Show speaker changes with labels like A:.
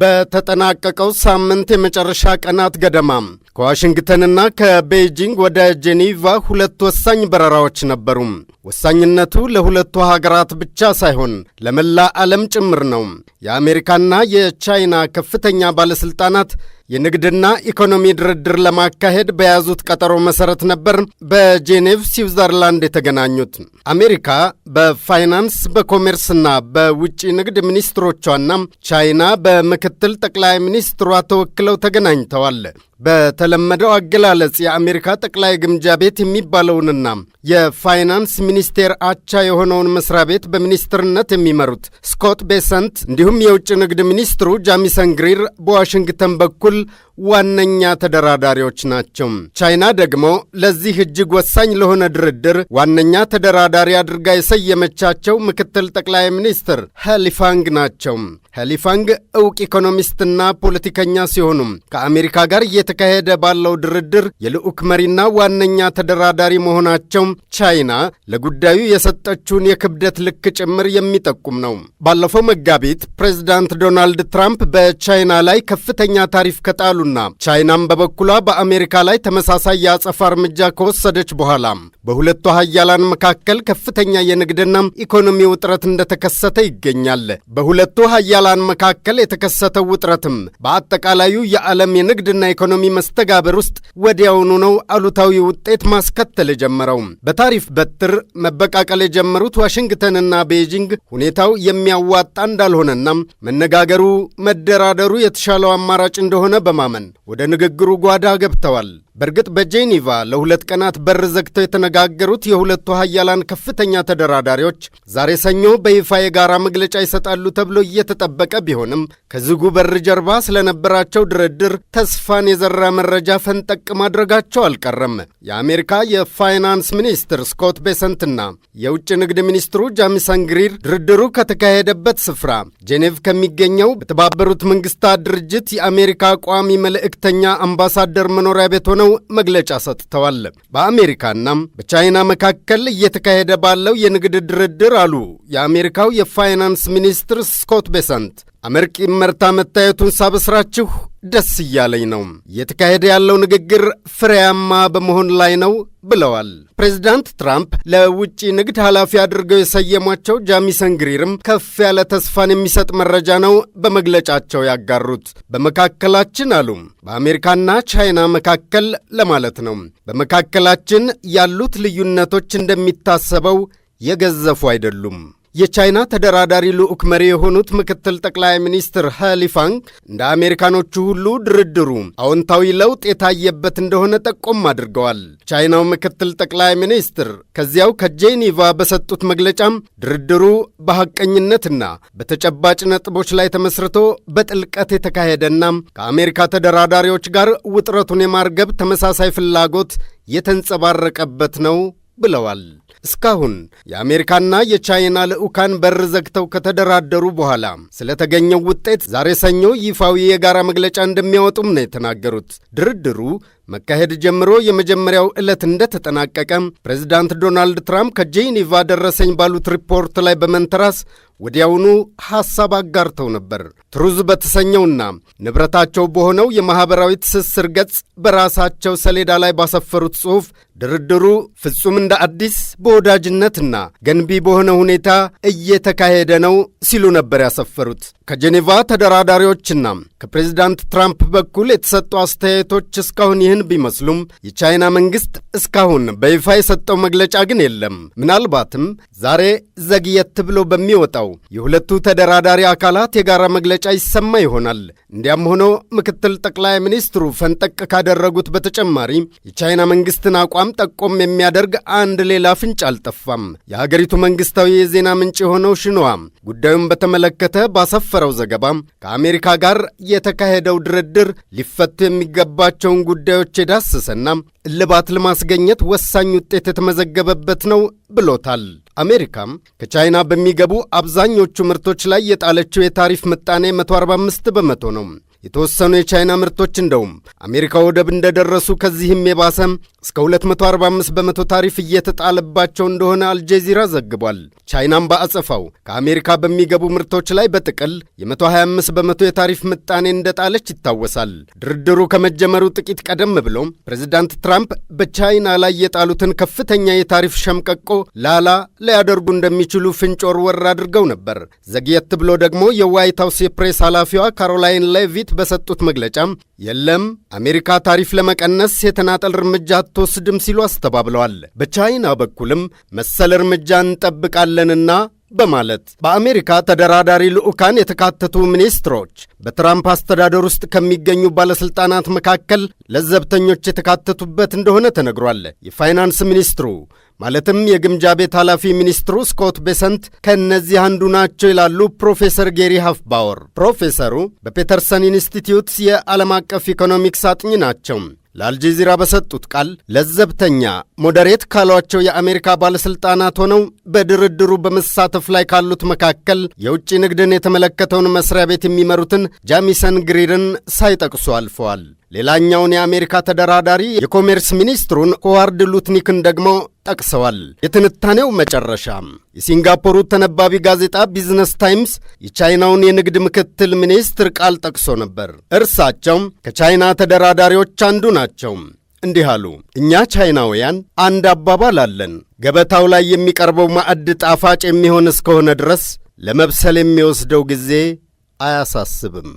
A: በተጠናቀቀው ሳምንት የመጨረሻ ቀናት ገደማ ከዋሽንግተንና ከቤይጂንግ ወደ ጄኔቫ ሁለት ወሳኝ በረራዎች ነበሩ። ወሳኝነቱ ለሁለቱ ሀገራት ብቻ ሳይሆን ለመላ ዓለም ጭምር ነው። የአሜሪካና የቻይና ከፍተኛ ባለሥልጣናት የንግድና ኢኮኖሚ ድርድር ለማካሄድ በያዙት ቀጠሮ መሠረት ነበር በጄኔቭ ስዊዘርላንድ የተገናኙት። አሜሪካ በፋይናንስ በኮሜርስና በውጭ ንግድ ሚኒስትሮቿና ቻይና በምክትል ጠቅላይ ሚኒስትሯ ተወክለው ተገናኝተዋል። በተለመደው አገላለጽ የአሜሪካ ጠቅላይ ግምጃ ቤት የሚባለውንና የፋይናንስ ሚኒስቴር አቻ የሆነውን መስሪያ ቤት በሚኒስትርነት የሚመሩት ስኮት ቤሰንት እንዲሁም የውጭ ንግድ ሚኒስትሩ ጃሚሰን ግሪር በዋሽንግተን በኩል ዋነኛ ተደራዳሪዎች ናቸው። ቻይና ደግሞ ለዚህ እጅግ ወሳኝ ለሆነ ድርድር ዋነኛ ተደራዳሪ አድርጋ የሰየመቻቸው ምክትል ጠቅላይ ሚኒስትር ሄሊፋንግ ናቸው። ሄሊፋንግ እውቅ ኢኮኖሚስትና ፖለቲከኛ ሲሆኑም ከአሜሪካ ጋር እየተካሄደ ባለው ድርድር የልዑክ መሪና ዋነኛ ተደራዳሪ መሆናቸው ቻይና ለጉዳዩ የሰጠችውን የክብደት ልክ ጭምር የሚጠቁም ነው። ባለፈው መጋቢት ፕሬዚዳንት ዶናልድ ትራምፕ በቻይና ላይ ከፍተኛ ታሪፍ ከጣሉና ቻይናም በበኩሏ በአሜሪካ ላይ ተመሳሳይ የአጸፋ እርምጃ ከወሰደች በኋላ በሁለቱ ሀያላን መካከል ከፍተኛ የንግድና ኢኮኖሚ ውጥረት እንደተከሰተ ይገኛል። በሁለቱ ሀያላን መካከል የተከሰተው ውጥረትም በአጠቃላዩ የዓለም የንግድና ኢኮኖሚ ኢኮኖሚ መስተጋብር ውስጥ ወዲያውኑ ነው አሉታዊ ውጤት ማስከተል የጀመረው። በታሪፍ በትር መበቃቀል የጀመሩት ዋሽንግተንና ቤጂንግ ሁኔታው የሚያዋጣ እንዳልሆነና መነጋገሩ፣ መደራደሩ የተሻለው አማራጭ እንደሆነ በማመን ወደ ንግግሩ ጓዳ ገብተዋል። በእርግጥ በጄኔቫ ለሁለት ቀናት በር ዘግተው የተነጋገሩት የሁለቱ ሀያላን ከፍተኛ ተደራዳሪዎች ዛሬ ሰኞ በይፋ የጋራ መግለጫ ይሰጣሉ ተብሎ እየተጠበቀ ቢሆንም ከዝጉ በር ጀርባ ስለነበራቸው ድርድር ተስፋን የዘራ መረጃ ፈንጠቅ ማድረጋቸው አልቀረም። የአሜሪካ የፋይናንስ ሚኒስትር ስኮት ቤሰንትና የውጭ ንግድ ሚኒስትሩ ጃሚሰን ግሪር ድርድሩ ከተካሄደበት ስፍራ ጄኔቭ ከሚገኘው በተባበሩት መንግስታት ድርጅት የአሜሪካ ቋሚ መልእክተኛ አምባሳደር መኖሪያ ቤት ሆነ ሆነው መግለጫ ሰጥተዋል። በአሜሪካና በቻይና መካከል እየተካሄደ ባለው የንግድ ድርድር አሉ የአሜሪካው የፋይናንስ ሚኒስትር ስኮት ቤሰንት አመርቂ መርታ መታየቱን ሳበስራችሁ ደስ እያለኝ ነው። እየተካሄደ ያለው ንግግር ፍሬያማ በመሆን ላይ ነው ብለዋል። ፕሬዚዳንት ትራምፕ ለውጭ ንግድ ኃላፊ አድርገው የሰየሟቸው ጃሚሰን ግሪርም ከፍ ያለ ተስፋን የሚሰጥ መረጃ ነው በመግለጫቸው ያጋሩት። በመካከላችን አሉ፣ በአሜሪካና ቻይና መካከል ለማለት ነው። በመካከላችን ያሉት ልዩነቶች እንደሚታሰበው የገዘፉ አይደሉም። የቻይና ተደራዳሪ ልዑክ መሪ የሆኑት ምክትል ጠቅላይ ሚኒስትር ሃሊፋንግ እንደ አሜሪካኖቹ ሁሉ ድርድሩ አዎንታዊ ለውጥ የታየበት እንደሆነ ጠቆም አድርገዋል። ቻይናው ምክትል ጠቅላይ ሚኒስትር ከዚያው ከጄኒቫ በሰጡት መግለጫም ድርድሩ በሐቀኝነትና በተጨባጭ ነጥቦች ላይ ተመስርቶ በጥልቀት የተካሄደና ከአሜሪካ ተደራዳሪዎች ጋር ውጥረቱን የማርገብ ተመሳሳይ ፍላጎት የተንጸባረቀበት ነው ብለዋል። እስካሁን የአሜሪካና የቻይና ልዑካን በር ዘግተው ከተደራደሩ በኋላ ስለተገኘው ውጤት ዛሬ ሰኞ ይፋዊ የጋራ መግለጫ እንደሚያወጡም ነው የተናገሩት። ድርድሩ መካሄድ ጀምሮ የመጀመሪያው ዕለት እንደተጠናቀቀ ፕሬዚዳንት ዶናልድ ትራምፕ ከጄኒቫ ደረሰኝ ባሉት ሪፖርት ላይ በመንተራስ ወዲያውኑ ሐሳብ አጋርተው ነበር። ትሩዝ በተሰኘውና ንብረታቸው በሆነው የማኅበራዊ ትስስር ገጽ በራሳቸው ሰሌዳ ላይ ባሰፈሩት ጽሑፍ ድርድሩ ፍጹም እንደ አዲስ በወዳጅነትና ገንቢ በሆነ ሁኔታ እየተካሄደ ነው ሲሉ ነበር ያሰፈሩት። ከጄኔቫ ተደራዳሪዎችና ከፕሬዚዳንት ትራምፕ በኩል የተሰጡ አስተያየቶች እስካሁን ይህን ቢመስሉም የቻይና መንግስት እስካሁን በይፋ የሰጠው መግለጫ ግን የለም። ምናልባትም ዛሬ ዘግየት ብሎ በሚወጣው የሁለቱ ተደራዳሪ አካላት የጋራ መግለጫ ይሰማ ይሆናል። እንዲያም ሆኖ ምክትል ጠቅላይ ሚኒስትሩ ፈንጠቅ ካደረጉት በተጨማሪ የቻይና መንግስትን አቋም ጠቆም የሚያደርግ አንድ ሌላ ፍንጭ አልጠፋም። የሀገሪቱ መንግስታዊ የዜና ምንጭ የሆነው ሽንዋ ጉዳዩን በተመለከተ ባሰፈ በነበረው ዘገባም ከአሜሪካ ጋር የተካሄደው ድርድር ሊፈቱ የሚገባቸውን ጉዳዮች የዳሰሰና እልባት ለማስገኘት ወሳኝ ውጤት የተመዘገበበት ነው ብሎታል። አሜሪካም ከቻይና በሚገቡ አብዛኞቹ ምርቶች ላይ የጣለችው የታሪፍ ምጣኔ 145 በመቶ ነው። የተወሰኑ የቻይና ምርቶች እንደውም አሜሪካ ወደብ እንደደረሱ ከዚህም የባሰ እስከ 245 በመቶ ታሪፍ እየተጣለባቸው እንደሆነ አልጀዚራ ዘግቧል። ቻይናም በአጸፋው ከአሜሪካ በሚገቡ ምርቶች ላይ በጥቅል የ125 በመቶ የታሪፍ ምጣኔ እንደጣለች ይታወሳል። ድርድሩ ከመጀመሩ ጥቂት ቀደም ብሎ ፕሬዚዳንት ትራምፕ በቻይና ላይ የጣሉትን ከፍተኛ የታሪፍ ሸምቀቆ ላላ ሊያደርጉ እንደሚችሉ ፍንጮር ወር አድርገው ነበር። ዘግየት ብሎ ደግሞ የዋይት ሀውስ የፕሬስ ኃላፊዋ ካሮላይን ሌቪት ምሽት በሰጡት መግለጫም የለም አሜሪካ ታሪፍ ለመቀነስ የተናጠል እርምጃ አትወስድም ሲሉ አስተባብለዋል። በቻይና በኩልም መሰል እርምጃ እንጠብቃለንና በማለት በአሜሪካ ተደራዳሪ ልዑካን የተካተቱ ሚኒስትሮች በትራምፕ አስተዳደር ውስጥ ከሚገኙ ባለሥልጣናት መካከል ለዘብተኞች የተካተቱበት እንደሆነ ተነግሯል። የፋይናንስ ሚኒስትሩ ማለትም የግምጃ ቤት ኃላፊ ሚኒስትሩ ስኮት ቤሰንት ከእነዚህ አንዱ ናቸው ይላሉ ፕሮፌሰር ጌሪ ሀፍባወር። ፕሮፌሰሩ በፔተርሰን ኢንስቲትዩት የዓለም አቀፍ ኢኮኖሚክስ አጥኚ ናቸው። ለአልጀዚራ በሰጡት ቃል ለዘብተኛ ሞዴሬት ካሏቸው የአሜሪካ ባለሥልጣናት ሆነው በድርድሩ በመሳተፍ ላይ ካሉት መካከል የውጭ ንግድን የተመለከተውን መስሪያ ቤት የሚመሩትን ጃሚሰን ግሪርን ሳይጠቅሱ አልፈዋል። ሌላኛውን የአሜሪካ ተደራዳሪ የኮሜርስ ሚኒስትሩን ሆዋርድ ሉትኒክን ደግሞ ጠቅሰዋል። የትንታኔው መጨረሻ የሲንጋፖሩ ተነባቢ ጋዜጣ ቢዝነስ ታይምስ የቻይናውን የንግድ ምክትል ሚኒስትር ቃል ጠቅሶ ነበር። እርሳቸውም ከቻይና ተደራዳሪዎች አንዱ ናቸው። እንዲህ አሉ። እኛ ቻይናውያን አንድ አባባል አለን። ገበታው ላይ የሚቀርበው ማዕድ ጣፋጭ የሚሆን እስከሆነ ድረስ ለመብሰል የሚወስደው ጊዜ አያሳስብም።